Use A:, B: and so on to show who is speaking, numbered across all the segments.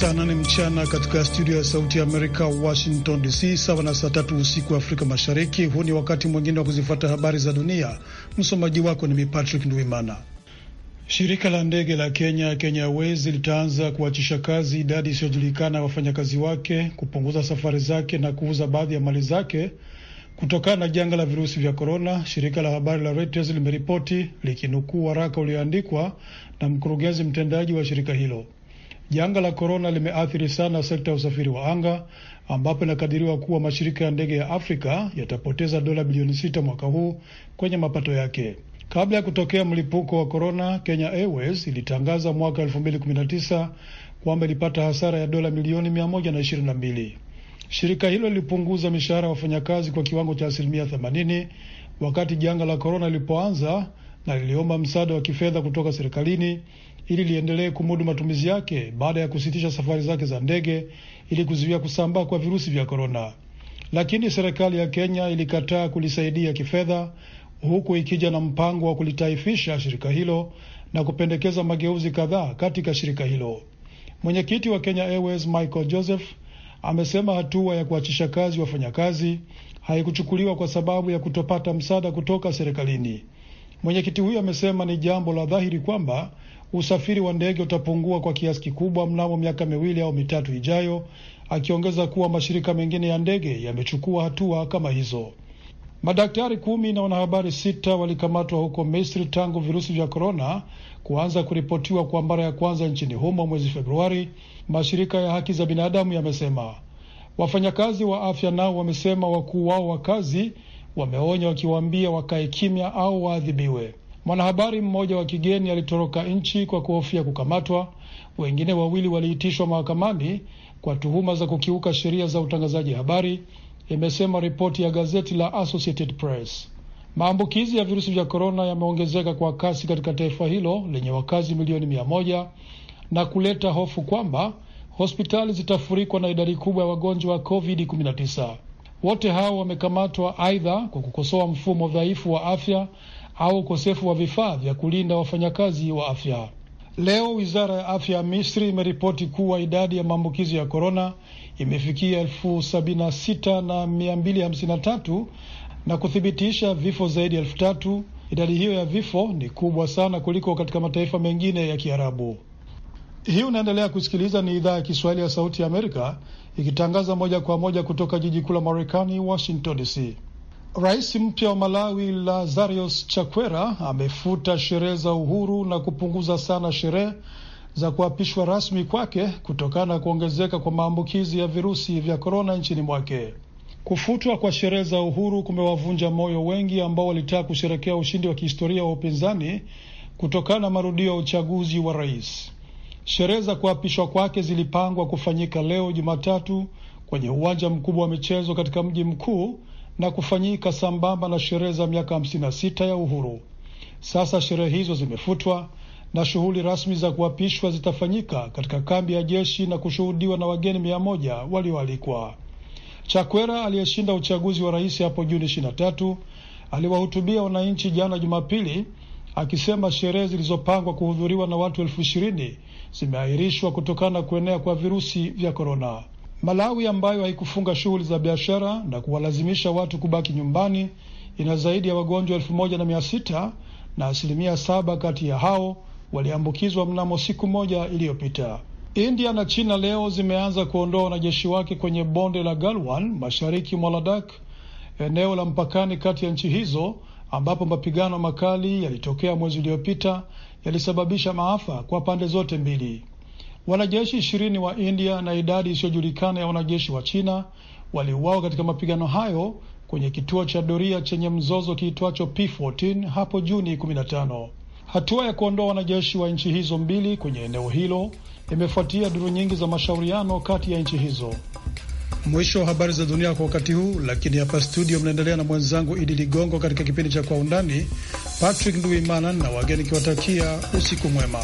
A: saa nane mchana katika studio ya Sauti ya Amerika, Washington DC, sawa na saa tatu usiku wa Afrika Mashariki. Huu ni wakati mwingine wa kuzifuata habari za dunia. Msomaji wako ni mi Patrick Ndwimana. Shirika la ndege la Kenya, Kenya Airways, litaanza kuachisha kazi idadi isiyojulikana ya wafanyakazi wake, kupunguza safari zake na kuuza baadhi ya mali zake kutokana na janga la virusi vya korona. Shirika la habari la Reuters limeripoti likinukuu waraka ulioandikwa na mkurugenzi mtendaji wa shirika hilo. Janga la korona limeathiri sana sekta ya usafiri wa anga ambapo inakadiriwa kuwa mashirika ya ndege ya Afrika yatapoteza dola bilioni sita mwaka huu kwenye mapato yake. Kabla ya kutokea mlipuko wa korona, Kenya Airways ilitangaza mwaka 2019 kwamba ilipata hasara ya dola milioni 122. Shirika hilo lilipunguza mishahara ya wafanyakazi kwa kiwango cha asilimia 80 wakati janga la korona lilipoanza na liliomba msaada wa kifedha kutoka serikalini ili liendelee kumudu matumizi yake baada ya kusitisha safari zake za ndege ili kuzuia kusambaa kwa virusi vya korona, lakini serikali ya Kenya ilikataa kulisaidia kifedha, huku ikija na mpango wa kulitaifisha shirika hilo na kupendekeza mageuzi kadhaa katika shirika hilo. Mwenyekiti wa Kenya Airways Michael Joseph amesema hatua ya kuachisha kazi wafanyakazi haikuchukuliwa kwa sababu ya kutopata msaada kutoka serikalini. Mwenyekiti huyo amesema ni jambo la dhahiri kwamba usafiri wa ndege utapungua kwa kiasi kikubwa mnamo miaka miwili au mitatu ijayo, akiongeza kuwa mashirika mengine ya ndege yamechukua hatua kama hizo. Madaktari kumi na wanahabari sita walikamatwa huko Misri tangu virusi vya korona kuanza kuripotiwa kwa mara ya kwanza nchini humo mwezi Februari, mashirika ya haki za binadamu yamesema. Wafanyakazi wa afya nao wamesema wakuu wao wa kazi wameonya, wakiwaambia wakae kimya au waadhibiwe. Mwanahabari mmoja wa kigeni alitoroka nchi kwa kuhofia kukamatwa. Wengine wawili waliitishwa mahakamani kwa tuhuma za kukiuka sheria za utangazaji habari, imesema ripoti ya gazeti la Associated Press. Maambukizi ya virusi vya korona yameongezeka kwa kasi katika taifa hilo lenye wakazi milioni mia moja na kuleta hofu kwamba hospitali zitafurikwa na idadi kubwa ya wagonjwa wa COVID-19. Wote hao wamekamatwa aidha kwa kukosoa mfumo dhaifu wa afya au ukosefu wa vifaa vya kulinda wafanyakazi wa afya. Leo wizara ya afya ya Misri imeripoti kuwa idadi ya maambukizi ya korona imefikia elfu sabini na sita na mia mbili hamsini na tatu na kuthibitisha vifo zaidi ya elfu tatu. Idadi hiyo ya vifo ni kubwa sana kuliko katika mataifa mengine ya Kiarabu. Hii unaendelea kusikiliza, ni idhaa ya Kiswahili ya Sauti ya Amerika ikitangaza moja kwa moja kutoka jiji kuu la Marekani, Washington DC. Rais mpya wa Malawi Lazarus Chakwera amefuta sherehe za uhuru na kupunguza sana sherehe za kuapishwa rasmi kwake kutokana na kuongezeka kwa maambukizi ya virusi vya korona nchini mwake. Kufutwa kwa sherehe za uhuru kumewavunja moyo wengi ambao walitaka kusherekea ushindi wa kihistoria wa upinzani kutokana na marudio ya uchaguzi wa rais. Sherehe za kuapishwa kwake zilipangwa kufanyika leo Jumatatu kwenye uwanja mkubwa wa michezo katika mji mkuu na kufanyika sambamba na sherehe za miaka sita ya uhuru. Sasa sherehe hizo zimefutwa na shughuli rasmi za kuapishwa zitafanyika katika kambi ya jeshi na kushuhudiwa na wageni mia moja walioalikwa. Chakwera aliyeshinda uchaguzi wa rais hapo Juni tatu aliwahutubia wananchi jana Jumapili akisema sherehe zilizopangwa kuhudhuriwa na watu elfu ishirini zimeahirishwa kutokana na kuenea kwa virusi vya korona. Malawi ambayo haikufunga shughuli za biashara na kuwalazimisha watu kubaki nyumbani ina zaidi ya wagonjwa elfu moja na mia sita na asilimia saba kati ya hao waliambukizwa mnamo siku moja iliyopita. India na China leo zimeanza kuondoa wanajeshi wake kwenye bonde la Galwan mashariki mwa Ladak, eneo la mpakani kati ya nchi hizo ambapo mapigano makali yalitokea mwezi uliopita yalisababisha maafa kwa pande zote mbili. Wanajeshi ishirini wa India na idadi isiyojulikana ya wanajeshi wa China waliuawa katika mapigano hayo kwenye kituo cha doria chenye mzozo kiitwacho P14 hapo Juni 15. Hatua ya kuondoa wanajeshi wa nchi hizo mbili kwenye eneo hilo imefuatia duru nyingi za mashauriano kati ya nchi hizo. Mwisho wa habari za dunia kwa wakati huu, lakini hapa studio mnaendelea na mwenzangu Idi Ligongo katika kipindi cha Kwa Undani. Patrick Nduimana na wageni kiwatakia usiku mwema.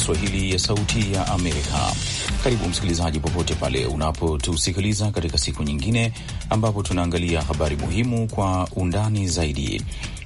B: Kiswahili ya Sauti ya Amerika. Karibu msikilizaji, popote pale unapotusikiliza katika siku nyingine ambapo tunaangalia habari muhimu kwa undani zaidi.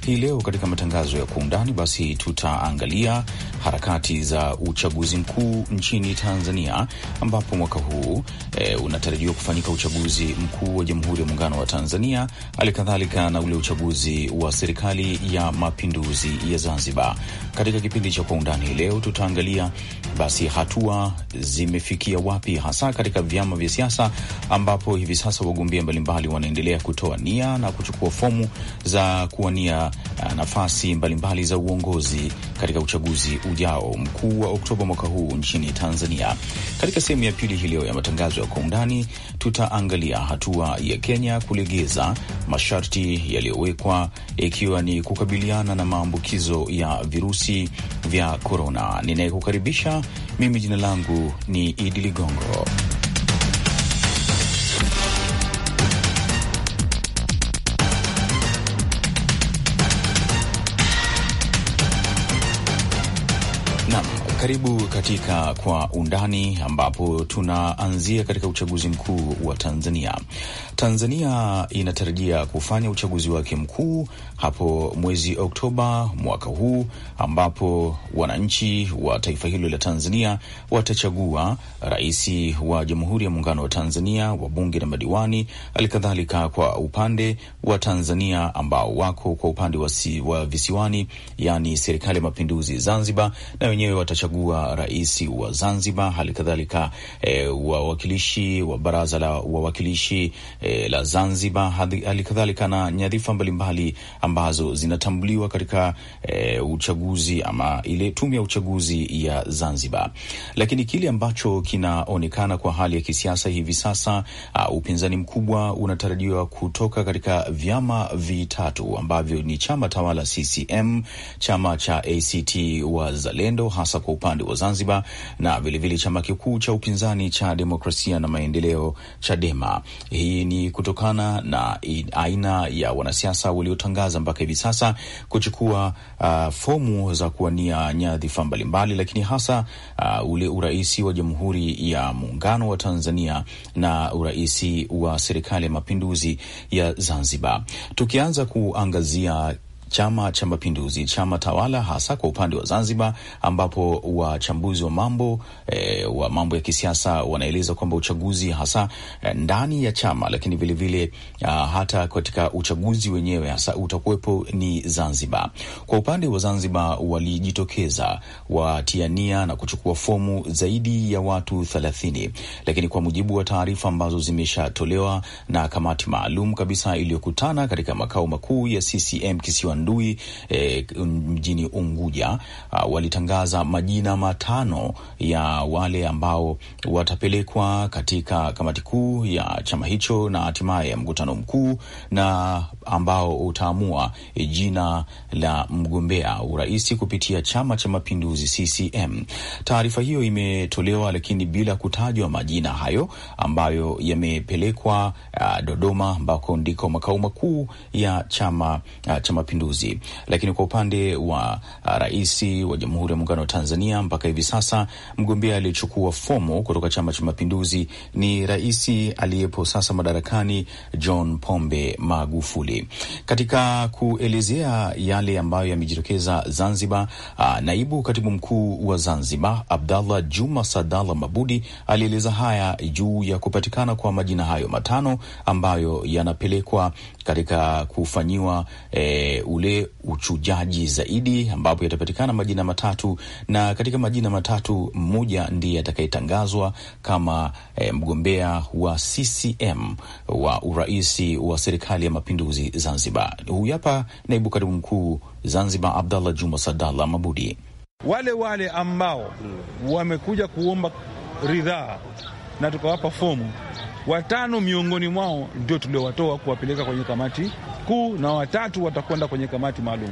B: Hii leo katika matangazo ya kwa undani, basi tutaangalia harakati za uchaguzi mkuu nchini Tanzania, ambapo mwaka huu e, unatarajiwa kufanyika uchaguzi mkuu wa Jamhuri ya Muungano wa Tanzania, hali kadhalika na ule uchaguzi wa Serikali ya Mapinduzi ya Zanzibar. Katika kipindi cha Kwa Undani leo tutaangalia basi hatua zimefikia wapi hasa katika vyama vya siasa, ambapo hivi sasa wagombea mbalimbali wanaendelea kutoa nia na kuchukua fomu za kuwania eh, nafasi mbalimbali za uongozi katika uchaguzi ujao mkuu wa Oktoba mwaka huu nchini Tanzania. Katika sehemu ya pili hii leo ya matangazo ya kwa undani, tutaangalia hatua ya Kenya kulegeza masharti yaliyowekwa ikiwa ni kukabiliana na maambukizo ya virusi vya korona. Ninayekukaribisha mimi, jina langu ni Idi Ligongo. Karibu katika Kwa Undani, ambapo tunaanzia katika uchaguzi mkuu wa Tanzania. Tanzania inatarajia kufanya uchaguzi wake mkuu hapo mwezi Oktoba mwaka huu, ambapo wananchi wa taifa hilo la Tanzania watachagua rais wa Jamhuri ya Muungano wa Tanzania, wabunge na madiwani, halikadhalika kwa upande wa Tanzania ambao wako kwa upande wa, si, wa visiwani, yani serikali ya mapinduzi Zanzibar, na wenyewe watachagua kumchagua rais wa Zanzibar, hali kadhalika e, wawakilishi wa baraza la wawakilishi e, la Zanzibar, hali kadhalika na nyadhifa mbalimbali ambazo zinatambuliwa katika e, uchaguzi ama ile tume ya uchaguzi ya Zanzibar. Lakini kile ambacho kinaonekana kwa hali ya kisiasa hivi sasa, uh, upinzani mkubwa unatarajiwa kutoka katika vyama vitatu ambavyo ni chama tawala CCM, chama cha ACT Wazalendo hasa kwa upande wa Zanzibar na vilevile chama kikuu cha upinzani cha Demokrasia na Maendeleo, Chadema. Hii ni kutokana na aina ya wanasiasa waliotangaza mpaka hivi sasa kuchukua uh, fomu za kuwania nyadhifa mbalimbali, lakini hasa uh, ule uraisi wa Jamhuri ya Muungano wa Tanzania na uraisi wa Serikali ya Mapinduzi ya Zanzibar. Tukianza kuangazia Chama cha Mapinduzi, chama tawala, hasa kwa upande wa Zanzibar, ambapo wachambuzi wa mambo e, wa mambo ya kisiasa wanaeleza kwamba uchaguzi hasa eh, ndani ya chama, lakini vilevile vile, ah, hata katika uchaguzi wenyewe hasa utakuwepo ni Zanzibar. Kwa upande wa Zanzibar walijitokeza watiania na kuchukua fomu zaidi ya watu thelathini, lakini kwa mujibu wa taarifa ambazo zimeshatolewa na kamati maalum kabisa iliyokutana katika makao makuu ya CCM kisiwani Tandui e, eh, mjini Unguja a, ah, walitangaza majina matano ya wale ambao watapelekwa katika kamati kuu ya chama hicho na hatimaye mkutano mkuu na ambao utaamua e, jina la mgombea urais kupitia Chama cha Mapinduzi CCM. Taarifa hiyo imetolewa lakini bila kutajwa majina hayo ambayo yamepelekwa uh, Dodoma ambako ndiko makao makuu ya Chama uh, cha Mapinduzi. Lakini kwa upande wa uh, rais wa Jamhuri ya Muungano wa Tanzania, mpaka hivi sasa mgombea aliyechukua fomu kutoka Chama cha Mapinduzi ni rais aliyepo sasa madarakani John Pombe Magufuli mbalimbali. Katika kuelezea yale ambayo yamejitokeza Zanzibar, aa, ah, naibu katibu mkuu wa Zanzibar Abdallah Juma Sadala Mabudi alieleza haya juu ya kupatikana kwa majina hayo matano ambayo yanapelekwa katika kufanyiwa e, ule uchujaji zaidi, ambapo yatapatikana majina matatu, na katika majina matatu mmoja ndiye atakayetangazwa kama e, mgombea wa CCM wa uraisi wa serikali ya mapinduzi Zanzibar. Huyu hapa naibu katibu mkuu Zanzibar, Abdallah Juma sadala Mabudi.
C: Wale wale ambao wamekuja kuomba ridhaa na tukawapa fomu, watano miongoni mwao ndio tuliowatoa kuwapeleka kwenye kamati kuu na watatu watakwenda kwenye kamati maalum,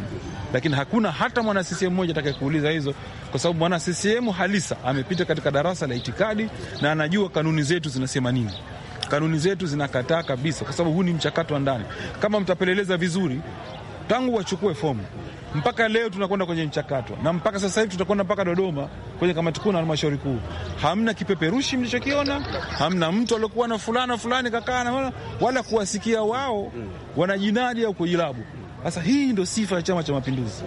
C: lakini hakuna hata mwana CCM mmoja atakayekuuliza hizo, kwa sababu mwana CCM halisa amepita katika darasa la itikadi na anajua kanuni zetu zinasema nini. Kanuni zetu zinakataa kabisa, kwa sababu huu ni mchakato wa ndani. Kama mtapeleleza vizuri, tangu wachukue fomu mpaka leo tunakwenda kwenye mchakato na mpaka sasa hivi tutakwenda mpaka Dodoma kwenye kamati kuu na halmashauri kuu. Hamna kipeperushi mlichokiona, hamna mtu aliokuwa na fulana fulani kakaa na wala kuwasikia wao mm. wanajinadi au kujilabu. Sasa hii ndio sifa ya Chama cha Mapinduzi.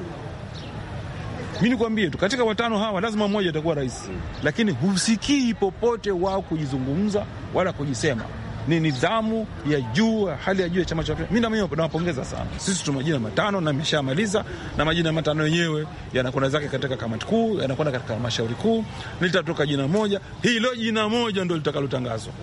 C: Mi nikwambie tu, katika watano hawa lazima mmoja atakuwa rais, mm. lakini husikii popote wao kujizungumza wala kujisema ni nidhamu ya juu hali ya juu ya chama cha mapinduzi. Mimi nami nawapongeza sana. Sisi tuna majina matano na nimeshamaliza, na majina matano yenyewe yanakwenda zake katika kamati kuu, yanakwenda katika halmashauri kuu, Nitatoka jina moja. Hilo jina moja ndio litakalotangazwa.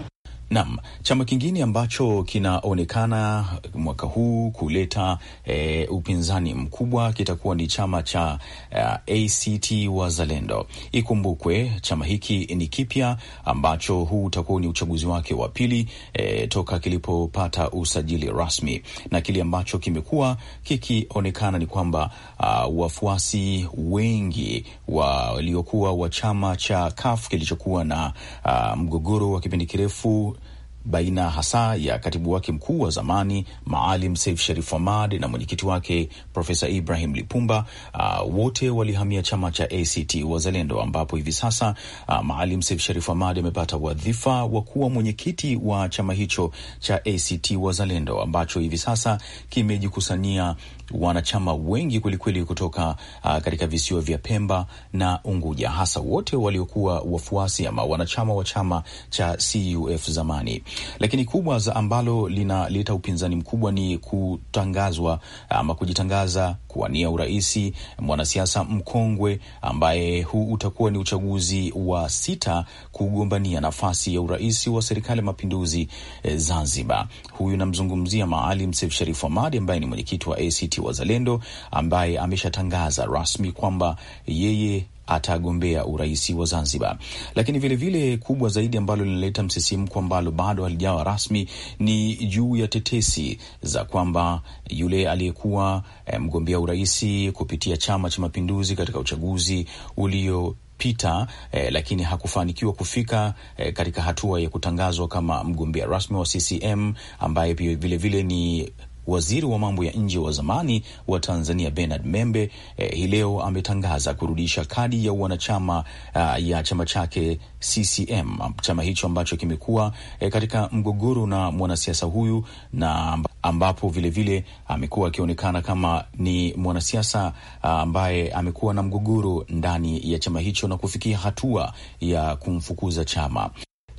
B: Naam, chama kingine ambacho kinaonekana mwaka huu kuleta e, upinzani mkubwa kitakuwa ni chama cha uh, eh, ACT Wazalendo. Ikumbukwe chama hiki ni kipya ambacho huu utakuwa ni uchaguzi wake wa pili e, toka kilipopata usajili rasmi, na kile ambacho kimekuwa kikionekana ni kwamba uh, wafuasi wengi waliokuwa wa chama cha CUF kilichokuwa na uh, mgogoro wa kipindi kirefu baina hasa ya katibu wake mkuu wa zamani Maalim Seif Sharif Hamad na mwenyekiti wake Profesa Ibrahim Lipumba. Uh, wote walihamia chama cha ACT Wazalendo, ambapo hivi sasa uh, Maalim Seif Sharif Hamad amepata wadhifa wa kuwa mwenyekiti wa chama hicho cha ACT Wazalendo ambacho hivi sasa kimejikusanyia wanachama wengi kwelikweli kutoka uh, katika visiwa vya Pemba na Unguja, hasa wote waliokuwa wafuasi ama wanachama wa chama cha CUF zamani. Lakini kubwa za ambalo linaleta upinzani mkubwa ni kutangazwa ah, ama kujitangaza kuwania uraisi mwanasiasa mkongwe ambaye huu utakuwa ni uchaguzi wa sita kugombania nafasi ya urais wa serikali ya mapinduzi eh, Zanzibar. Huyu namzungumzia Maalim Seif Sharif Hamad ambaye ni mwenyekiti wa ACT Wazalendo ambaye ameshatangaza rasmi kwamba yeye atagombea urais wa Zanzibar. Lakini vilevile vile kubwa zaidi ambalo linaleta msisimko ambalo bado halijawa rasmi ni juu ya tetesi za kwamba yule aliyekuwa eh, mgombea urais kupitia Chama cha Mapinduzi katika uchaguzi ulio pita eh, lakini hakufanikiwa kufika eh, katika hatua ya kutangazwa kama mgombea rasmi wa CCM ambaye vilevile ni Waziri wa mambo ya nje wa zamani wa Tanzania Bernard Membe eh, hii leo ametangaza kurudisha kadi ya wanachama uh, ya chama chake CCM, chama hicho ambacho kimekuwa eh, katika mgogoro na mwanasiasa huyu na ambapo vilevile amekuwa akionekana kama ni mwanasiasa ah, ambaye amekuwa na mgogoro ndani ya chama hicho na kufikia hatua ya kumfukuza chama.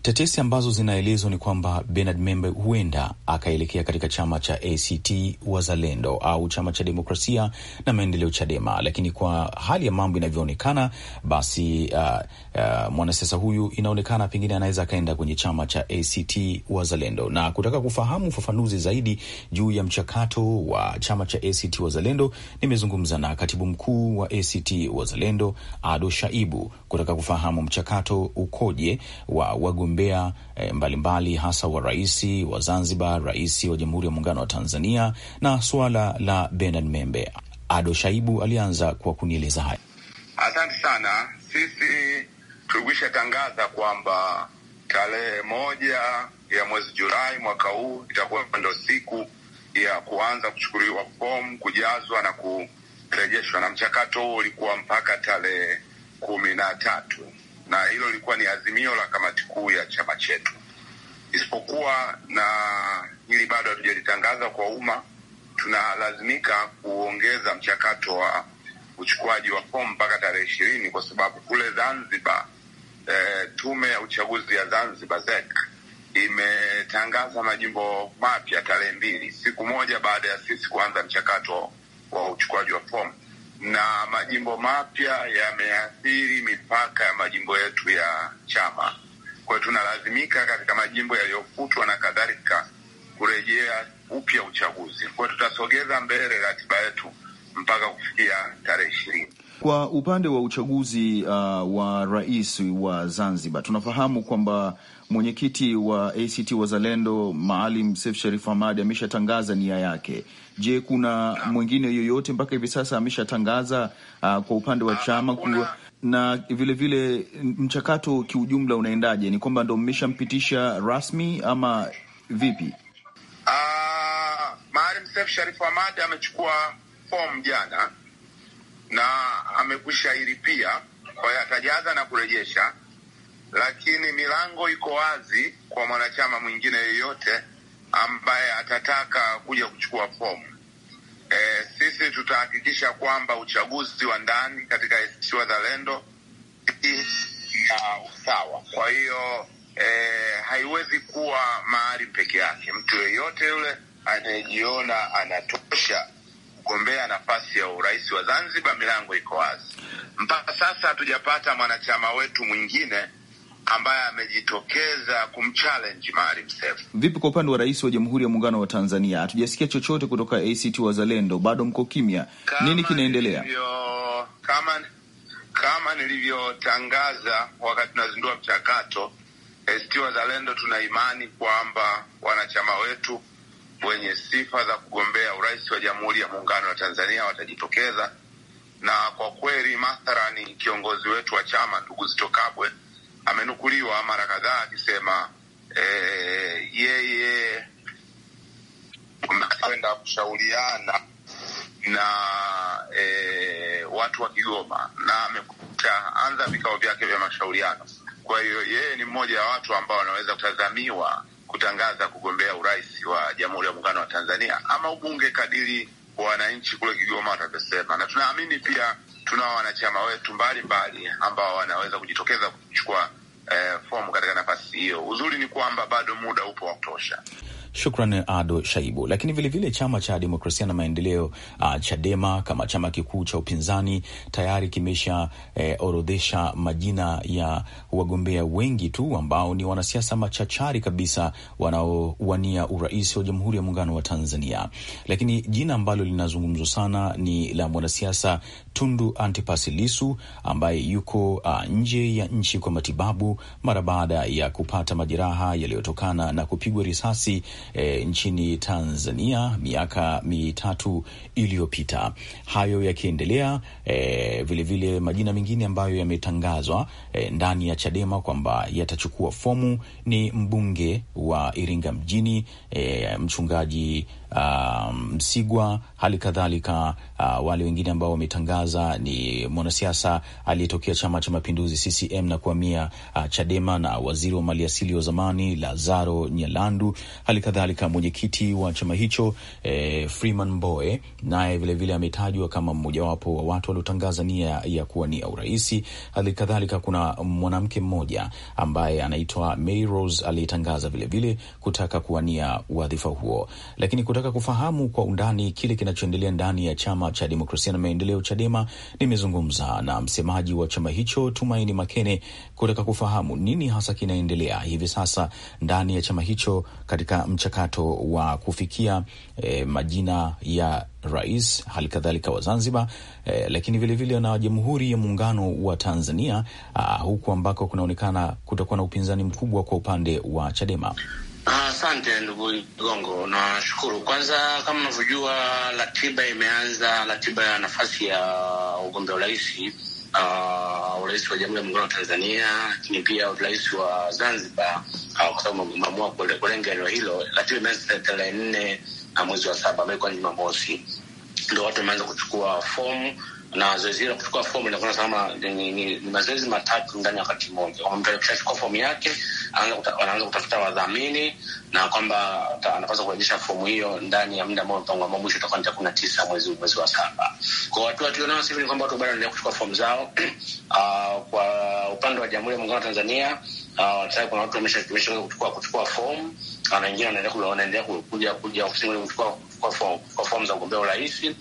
B: Tetesi ambazo zinaelezwa ni kwamba Bernard Membe huenda akaelekea katika chama cha ACT Wazalendo au chama cha demokrasia na maendeleo CHADEMA, lakini kwa hali ya mambo inavyoonekana, basi uh, uh, mwanasiasa huyu inaonekana pengine anaweza akaenda kwenye chama cha ACT Wazalendo. Na kutaka kufahamu ufafanuzi zaidi juu ya mchakato wa chama cha ACT Wazalendo, nimezungumza na katibu mkuu wa ACT Wazalendo Ado Shaibu kutaka kufahamu mchakato ukoje wa wagum wagombea e, eh, mbalimbali hasa wa rais wa Zanzibar, rais wa Jamhuri ya Muungano wa Tanzania na suala la Benard Membe. Ado Shaibu alianza kwa kunieleza
D: haya. Asante sana. Sisi tulikwisha tangaza kwamba tarehe moja ya mwezi Julai mwaka huu itakuwa ndo siku ya kuanza kuchukuliwa fomu, kujazwa na kurejeshwa, na mchakato huo ulikuwa mpaka tarehe kumi na tatu na hilo lilikuwa ni azimio la kamati kuu ya chama chetu, isipokuwa na hili bado hatujalitangaza kwa umma. Tunalazimika kuongeza mchakato wa uchukuaji wa fomu mpaka tarehe ishirini kwa sababu kule Zanzibar e, tume ya uchaguzi ya Zanzibar ZEC imetangaza majimbo mapya tarehe mbili, siku moja baada ya sisi kuanza mchakato wa uchukuaji wa fomu na majimbo mapya yameathiri mipaka ya majimbo yetu ya chama. Kwa hiyo tunalazimika katika majimbo yaliyofutwa na kadhalika kurejea upya uchaguzi. Kwa hiyo tutasogeza mbele ratiba yetu mpaka kufikia tarehe ishirini.
E: Kwa upande wa uchaguzi uh, wa rais wa Zanzibar tunafahamu kwamba mwenyekiti wa ACT Wazalendo Maalim Seif Sharif Hamad ameshatangaza nia yake. Je, kuna mwingine yoyote mpaka hivi sasa ameshatangaza uh, kwa upande wa chama kuwa na vilevile vile, mchakato kiujumla unaendaje? Ni kwamba ndo mmeshampitisha rasmi ama vipi?
D: Uh, Maalim Seif Sharif Hamad amechukua fomu jana na amekwisha iripia kwa hiyo atajaza na kurejesha lakini milango iko wazi kwa mwanachama mwingine yeyote ambaye atataka kuja kuchukua fomu. E, sisi tutahakikisha kwamba uchaguzi wa ndani katika ACT Wazalendo na usawa. Kwa hiyo e, haiwezi kuwa mahali peke yake. Mtu yeyote yule anayejiona anatosha kugombea nafasi ya urais wa Zanzibar, milango iko wazi. Mpaka sasa hatujapata mwanachama wetu mwingine ambaye amejitokeza kumchallenge Maalim Seif.
E: Vipi kwa upande wa rais wa Jamhuri ya Muungano wa Tanzania? Hatujasikia chochote kutoka ACT Wazalendo, bado mko kimya. Nini kinaendelea?
D: Nilivyo, kama, kama nilivyotangaza wakati tunazindua mchakato, ACT Wazalendo tuna imani kwamba wanachama wetu wenye sifa za kugombea urais wa Jamhuri ya Muungano wa Tanzania watajitokeza, na kwa kweli mathalani kiongozi wetu wa chama ndugu Zitto Kabwe amenukuliwa mara kadhaa akisema eh, yeye kwenda kushauriana na eh, watu wa Kigoma na amekuta anza vikao vyake vya mashauriano. Kwa hiyo yeye ni mmoja wa watu ambao wanaweza kutazamiwa kutangaza kugombea urais wa Jamhuri ya Muungano wa Tanzania ama ubunge kadiri wananchi kule Kigoma watateseka, na tunaamini pia tunao wanachama wetu mbalimbali ambao wanaweza kujitokeza kuchukua eh, fomu katika nafasi hiyo. Uzuri ni kwamba bado muda upo wa kutosha.
B: Shukran eh, Ado Shaibu. Lakini vilevile chama cha demokrasia na maendeleo uh, Chadema kama chama kikuu cha upinzani tayari kimesha eh, orodhesha majina ya wagombea wengi tu ambao ni wanasiasa machachari kabisa wanaowania urais wa Jamhuri ya Muungano wa Tanzania, lakini jina ambalo linazungumzwa sana ni la mwanasiasa Tundu Antipas ambaye yuko uh, nje ya nchi kwa matibabu mara baada ya kupata majeraha yaliyotokana na kupigwa risasi e, nchini Tanzania miaka mitatu iliyopita. Hayo yakiendelea e, vilevile majina mengine ambayo yametangazwa e, ndani ya Chadema kwamba yatachukua fomu ni mbunge wa Iringa mjini e, mchungaji Um, Msigwa, um, hali kadhalika uh, wale wengine ambao wametangaza ni mwanasiasa aliyetokea Chama cha Mapinduzi CCM na kuhamia uh, Chadema na waziri wa maliasili wa zamani Lazaro Nyalandu, hali kadhalika mwenyekiti wa chama hicho eh, Freeman Mbowe naye vilevile ametajwa kama mmojawapo wa watu waliotangaza nia ya kuwa ni uraisi. Hali kadhalika kuna mwanamke mmoja ambaye anaitwa Mary Rose aliyetangaza vilevile kutaka kuwania wadhifa huo, lakini kutaka kutaka kufahamu kwa undani kile kinachoendelea ndani ya chama cha demokrasia na maendeleo Chadema, nimezungumza na msemaji wa chama hicho Tumaini Makene kutaka kufahamu nini hasa kinaendelea hivi sasa ndani ya chama hicho katika mchakato wa kufikia eh, majina ya rais hali kadhalika wa Zanzibar eh, lakini vilevile na Jamhuri ya Muungano wa Tanzania ah, huku ambako kunaonekana kutakuwa na upinzani mkubwa kwa upande wa Chadema.
F: Asante ndugu gongo nashukuru. Kwanza, kama unavyojua, ratiba imeanza, ratiba ya nafasi ya ugombea urais, uh, wa Jamhuri ya Muungano wa Tanzania, lakini pia urais wa Zanzibar, uh, kwa sababu maamua kulenga eneo hilo. Ratiba imeanza tarehe nne na uh, mwezi wa saba ambayo ni Jumamosi, ndio watu wameanza kuchukua fomu na zoezi la kuchukua fomu linakuwa kama ni, ni, ni mazoezi matatu ndani ya wakati mmoja. Mtu akishachukua fomu yake anaanza kutafuta wadhamini na kwamba anapaswa kurejesha fomu hiyo ndani ya muda ambao mpango ambao mwisho utakuwa ni tarehe kumi na tisa mwezi mwezi wa saba. Kwa watu tulionao sasa hivi ni kwamba watu bado wanaendelea kuchukua fomu zao. Uh, kwa upande wa Jamhuri ya Muungano wa Tanzania Uh, kuna watu wameshaweza kuchukua kuchukua fomu, na wengine wanaendelea kuja kuja ofisini kuchukua kuchukua fomu za kugombea urais. Uh,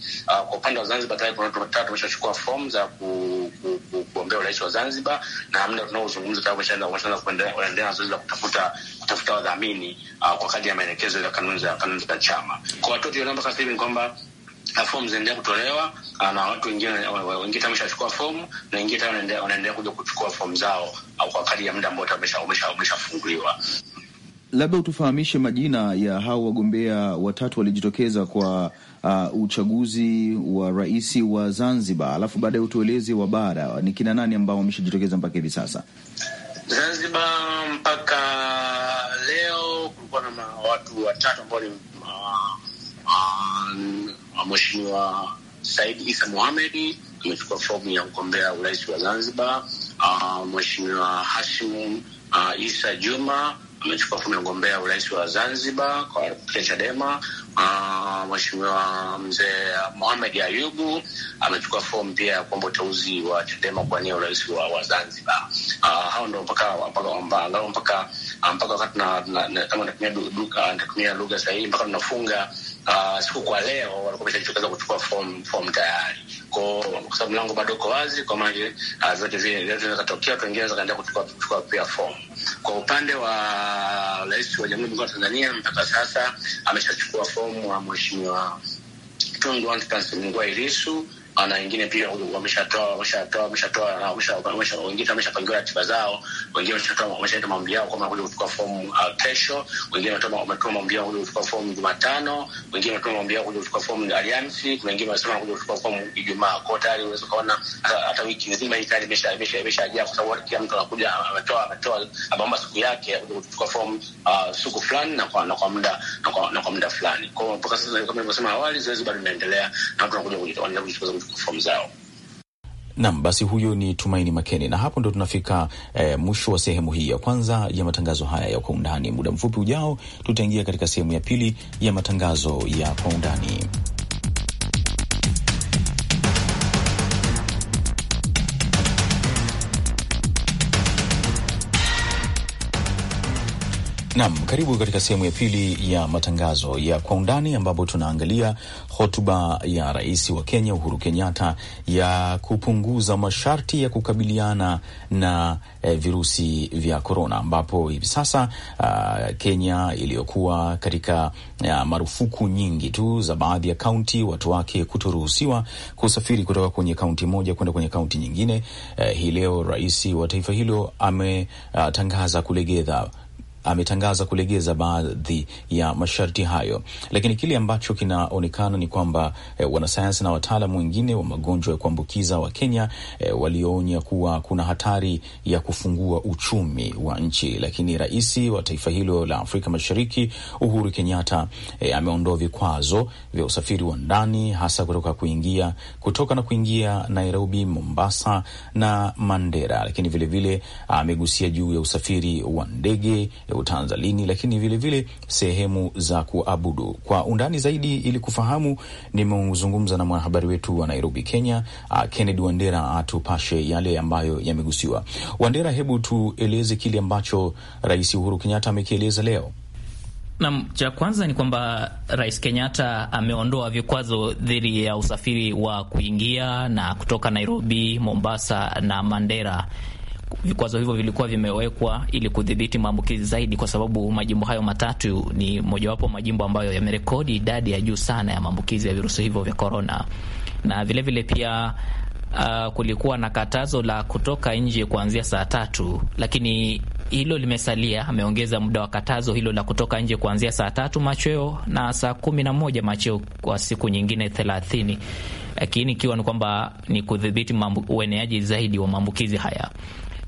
F: kwa upande wa Zanzibar tayari kuna watu watatu wameshachukua fomu za kugombea urais wa Zanzibar, na muda tunaozungumza tayari wameshaanza kuendelea na zoezi la kutafuta kutafuta wadhamini uh, kwa kadri ya maelekezo ya kanuni za kanuni za chama. Kwa watoto namba sasa hivi ni kwamba fomu zinaendelea kutolewa na watu wengine wengine tayari wameshachukua fomu na wengine tayari wanaendelea kuja kuchukua fomu zao au kwa kadri ya muda ambao wameshafunguliwa.
E: Labda utufahamishe majina ya hao wagombea watatu walijitokeza kwa uh, uchaguzi wa rais wa Zanzibar, alafu baadaye utueleze wa bara ni kina nani ambao wameshajitokeza mpaka hivi sasa
F: Zanzibar. Mpaka leo kulikuwa na watu watatu ambao ni Uh, Mheshimiwa Said Isa Muhamedi amechukua fomu ya kugombea urais wa Zanzibar. Uh, Mheshimiwa Hashim uh, Isa Juma amechukua fomu ya ugombea urais wa Zanzibar kwa kupitia Chadema. Uh, Mheshimiwa mzee Mohamed Ayubu amechukua fomu pia ya kuomba uteuzi wa Chadema kuwania urais wa, wa Zanzibar. Uh, hao ndo mpaka mpaka mpaka mpaka mpaka wakati na, kama duka ah, nitatumia lugha sahihi, mpaka tunafunga uh, siku kwa leo walikuwa wameshachukua kuchukua fomu fomu tayari, kwa sababu mlango bado uko wazi, kwa maana zote zile zinaweza tuingia watu wengine wakaendelea kuchukua pia fomu kwa upande wa rais wa Jamhuri ya Muungano wa Tanzania, mpaka sasa ameshachukua fomu wa mheshimiwa Tundu Antipas Mugwai Lissu na wengine pia wameshatoa wameshatoa wameshatoa wengine wameshapangiwa ratiba zao, wengine wameshaenda maombi yao kama kuja kuchukua fomu uh, kesho, wengine wametuma maombi yao kuja kuchukua fomu Jumatano, wengine wametuma maombi yao kuja kuchukua fomu Alliance, kuna wengine wamesema kuja kuchukua fomu Ijumaa. Kwa tayari unaweza kuona hata wiki nzima hii tayari imesha imesha imeshajaa, kwa sababu kila mtu anakuja ametoa ametoa ameomba siku yake kuja kuchukua fomu uh, siku fulani na kwa na kwa muda na kwa muda fulani. Kwa hiyo mpaka sasa kama nilivyosema awali, zoezi bado linaendelea na watu wanakuja kujitoa platform zao.
B: Nam, basi huyo ni Tumaini Makeni, na hapo ndo tunafika eh, mwisho wa sehemu hii ya kwanza ya matangazo haya ya kwa undani. Muda mfupi ujao, tutaingia katika sehemu ya pili ya matangazo ya kwa undani. Nam, karibu katika sehemu ya pili ya matangazo ya kwa undani ambapo tunaangalia hotuba ya Rais wa Kenya Uhuru Kenyatta ya kupunguza masharti ya kukabiliana na eh, virusi vya korona, ambapo hivi sasa uh, Kenya iliyokuwa katika uh, marufuku nyingi tu za baadhi ya kaunti, watu wake kutoruhusiwa kusafiri kutoka kwenye kaunti moja kwenda kwenye kaunti nyingine. Uh, hii leo rais wa taifa hilo ametangaza uh, kulegeza ametangaza kulegeza baadhi ya masharti hayo, lakini kile ambacho kinaonekana ni kwamba e, wanasayansi na wataalamu wengine wa magonjwa ya kuambukiza wa Kenya e, eh, walioonya kuwa kuna hatari ya kufungua uchumi wa nchi, lakini rais wa taifa hilo la Afrika Mashariki Uhuru Kenyatta e, ameondoa vikwazo vya usafiri wa ndani hasa kutoka kuingia kutoka na kuingia Nairobi, Mombasa na Mandera, lakini vilevile amegusia juu ya usafiri wa ndege ya lini, lakini vilevile vile sehemu za kuabudu. Kwa undani zaidi ili kufahamu, nimezungumza na mwanahabari wetu wa Nairobi, Kenya, uh, Kennedy Wandera atupashe yale ambayo yamegusiwa. Wandera, hebu tueleze kile ambacho Rais Uhuru Kenyatta amekieleza leo.
G: Nam, cha kwanza ni kwamba Rais Kenyatta ameondoa vikwazo dhidi ya usafiri wa kuingia na kutoka Nairobi, Mombasa na Mandera vikwazo hivyo vilikuwa vimewekwa ili kudhibiti maambukizi zaidi, kwa sababu majimbo hayo matatu ni mojawapo majimbo ambayo yamerekodi idadi ya juu sana ya maambukizi ya virusi hivyo vya korona, na vilevile vile pia uh, kulikuwa na katazo la kutoka nje kuanzia saa tatu lakini hilo limesalia. Ameongeza muda wa katazo hilo la kutoka nje kuanzia saa tatu machweo na saa kumi na moja machweo kwa siku nyingine thelathini, lakini ikiwa ni kwamba ni kudhibiti ueneaji zaidi wa maambukizi haya.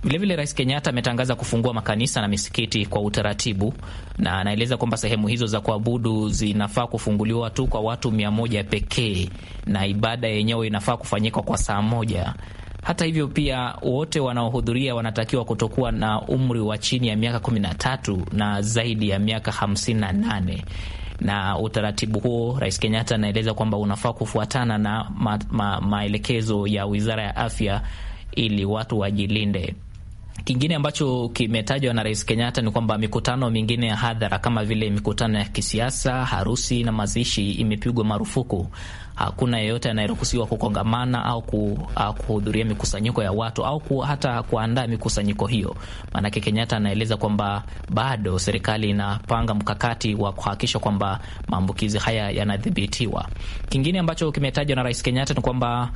G: Vilevile Rais Kenyatta ametangaza kufungua makanisa na misikiti kwa utaratibu, na anaeleza kwamba sehemu hizo za kuabudu zinafaa kufunguliwa tu kwa watu mia moja pekee na ibada yenyewe inafaa kufanyika kwa saa moja. Hata hivyo pia wote wanaohudhuria wanatakiwa kutokuwa na umri wa chini ya miaka kumi na tatu na zaidi ya miaka hamsini na nane na utaratibu huo Rais Kenyatta anaeleza kwamba unafaa kufuatana na ma, ma, maelekezo ya Wizara ya Afya ili watu wajilinde. Kingine ambacho kimetajwa na Rais Kenyatta ni kwamba mikutano mingine ya hadhara kama vile mikutano ya kisiasa, harusi na mazishi imepigwa marufuku. Hakuna yeyote anayeruhusiwa kukongamana au ah, kuhudhuria mikusanyiko ya watu au ku, hata kuandaa mikusanyiko hiyo. Maanake Kenyatta anaeleza kwamba bado serikali inapanga mkakati wa kuhakikisha kwamba maambukizi haya yanadhibitiwa. Kingine ambacho kimetajwa na Rais Kenyatta ni kwamba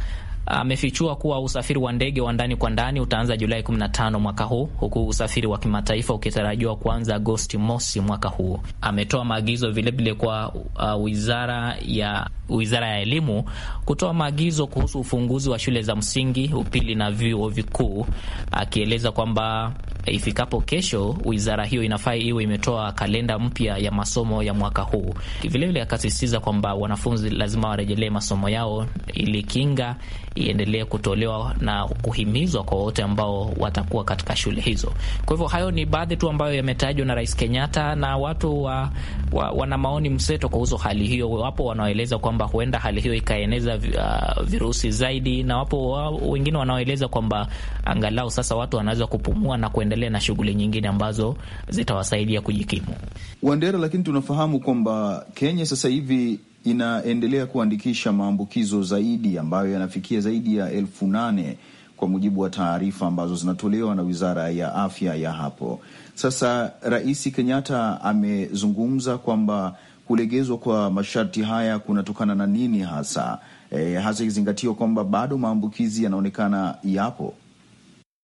G: amefichua kuwa usafiri wa ndege wa ndani kwa ndani utaanza Julai 15 mwaka huu, huku usafiri wa kimataifa ukitarajiwa kuanza Agosti mosi mwaka huu. Ametoa maagizo vilevile kwa uh, wizara ya wizara ya elimu kutoa maagizo kuhusu ufunguzi wa shule za msingi, upili na vyuo vikuu, akieleza kwamba ifikapo kesho wizara hiyo inafaa iwe imetoa kalenda mpya ya masomo ya mwaka huu. Vilevile akasisitiza kwamba wanafunzi lazima warejelee masomo yao ili kinga iendelee kutolewa na kuhimizwa kwa wote ambao watakuwa katika shule hizo. Kwa hivyo hayo ni baadhi tu ambayo yametajwa na Rais Kenyatta, na watu wa, wa, wana maoni mseto kuhusu hali hiyo. Wapo wanaoeleza kwamba huenda hali hiyo ikaeneza uh, virusi zaidi, na wapo wa, wengine wanaoeleza kwamba angalau sasa watu wanaweza kupumua na kuendelea na shughuli nyingine ambazo zitawasaidia kujikimu.
E: Wandera, lakini tunafahamu kwamba Kenya sasa hivi inaendelea kuandikisha maambukizo zaidi ambayo yanafikia zaidi ya elfu nane kwa mujibu wa taarifa ambazo zinatolewa na wizara ya afya ya hapo. Sasa Rais Kenyatta amezungumza kwamba kulegezwa kwa masharti haya kunatokana na nini hasa, e, hasa ikizingatiwa kwamba bado maambukizi yanaonekana yapo.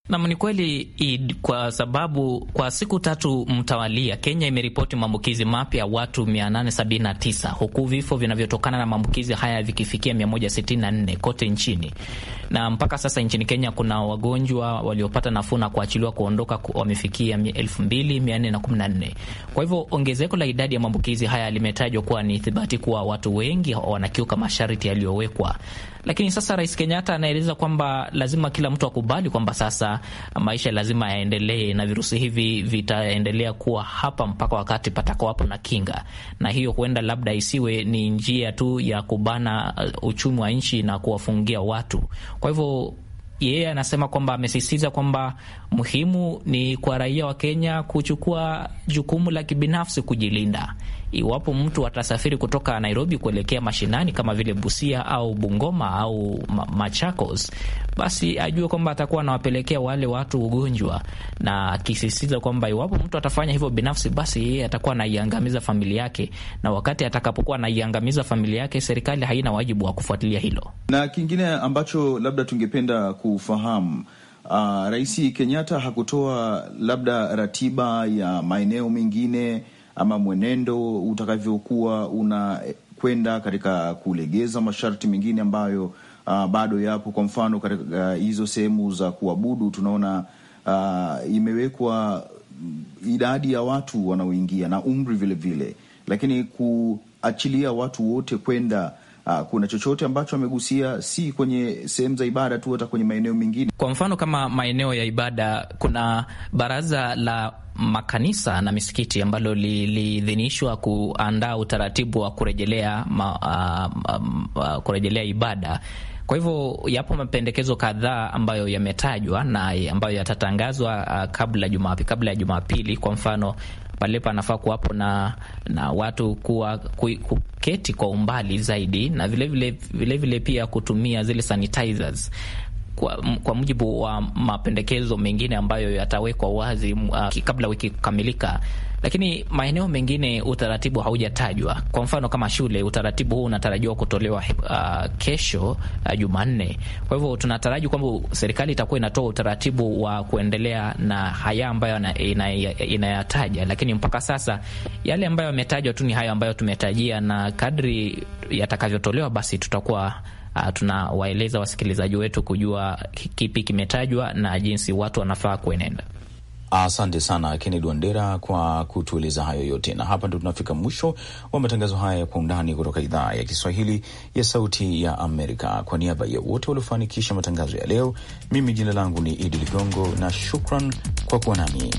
G: Nam, ni kweli Id, kwa sababu kwa siku tatu mtawalia Kenya imeripoti maambukizi mapya ya watu 879 huku vifo vinavyotokana na maambukizi haya vikifikia 164 kote nchini. Na mpaka sasa nchini Kenya kuna wagonjwa waliopata nafuu na kuachiliwa kuondoka wamefikia 2414. Kwa hivyo ongezeko la idadi ya maambukizi haya limetajwa kuwa ni ithibati kuwa watu wengi wanakiuka masharti yaliyowekwa. Lakini sasa Rais Kenyatta anaeleza kwamba lazima kila mtu akubali kwamba sasa maisha lazima yaendelee na virusi hivi vitaendelea kuwa hapa mpaka wakati patakawapo na kinga, na hiyo huenda labda isiwe ni njia tu ya kubana uh, uchumi wa nchi na kuwafungia watu. Kwa hivyo yeye yeah, anasema kwamba amesisitiza kwamba muhimu ni kwa raia wa Kenya kuchukua jukumu la kibinafsi kujilinda iwapo mtu atasafiri kutoka Nairobi kuelekea mashinani kama vile Busia au Bungoma au Machakos, basi ajue kwamba atakuwa anawapelekea wale watu ugonjwa, na akisisitiza kwamba iwapo mtu atafanya hivyo binafsi, basi yeye atakuwa anaiangamiza familia yake, na wakati atakapokuwa anaiangamiza familia yake, serikali haina wajibu wa kufuatilia hilo.
E: Na kingine ambacho labda tungependa kufahamu Uh, Rais Kenyatta hakutoa labda ratiba ya maeneo mengine ama mwenendo utakavyokuwa unakwenda katika kulegeza masharti mengine ambayo uh, bado yapo. Kwa mfano katika ah, hizo uh, sehemu za kuabudu tunaona uh, imewekwa idadi ya watu wanaoingia na umri vilevile vile. Lakini kuachilia watu wote kwenda uh, kuna chochote ambacho amegusia, si kwenye sehemu za ibada tu, hata kwenye maeneo mengine?
G: Kwa mfano kama maeneo ya ibada, kuna baraza la makanisa na misikiti ambalo liliidhinishwa kuandaa utaratibu wa kurejelea ma, uh, uh, uh, kurejelea ibada. Kwa hivyo yapo mapendekezo kadhaa ambayo yametajwa na ambayo yatatangazwa uh, kabla Jumapili, kabla ya Jumapili. Kwa mfano pale panafaa kuwapo na, na watu kuwa kuketi kwa umbali zaidi na vilevile vile, vile, vile pia kutumia zile sanitizers kwa, kwa mujibu wa mapendekezo mengine ambayo yatawekwa wazi uh, kabla wiki kukamilika, lakini maeneo mengine utaratibu haujatajwa. Kwa mfano kama shule, utaratibu huu unatarajiwa kutolewa uh, kesho uh, Jumanne. Kwa hivyo tunataraji kwamba serikali itakuwa inatoa utaratibu wa kuendelea na haya ambayo inayataja ina, ina, lakini mpaka sasa yale ambayo yametajwa tu ni hayo ambayo tumetajia, na kadri yatakavyotolewa basi tutakuwa uh, tunawaeleza wasikilizaji wetu kujua kipi kimetajwa na jinsi watu wanafaa kuenenda. Asante sana Kennedy Wandera
B: kwa kutueleza hayo yote, na hapa ndo tunafika mwisho wa matangazo haya ya Kwa Undani kutoka idhaa ya Kiswahili ya Sauti ya Amerika. Kwa niaba ya wote waliofanikisha matangazo ya leo, mimi jina langu ni Idi Ligongo na shukran kwa kuwa nami.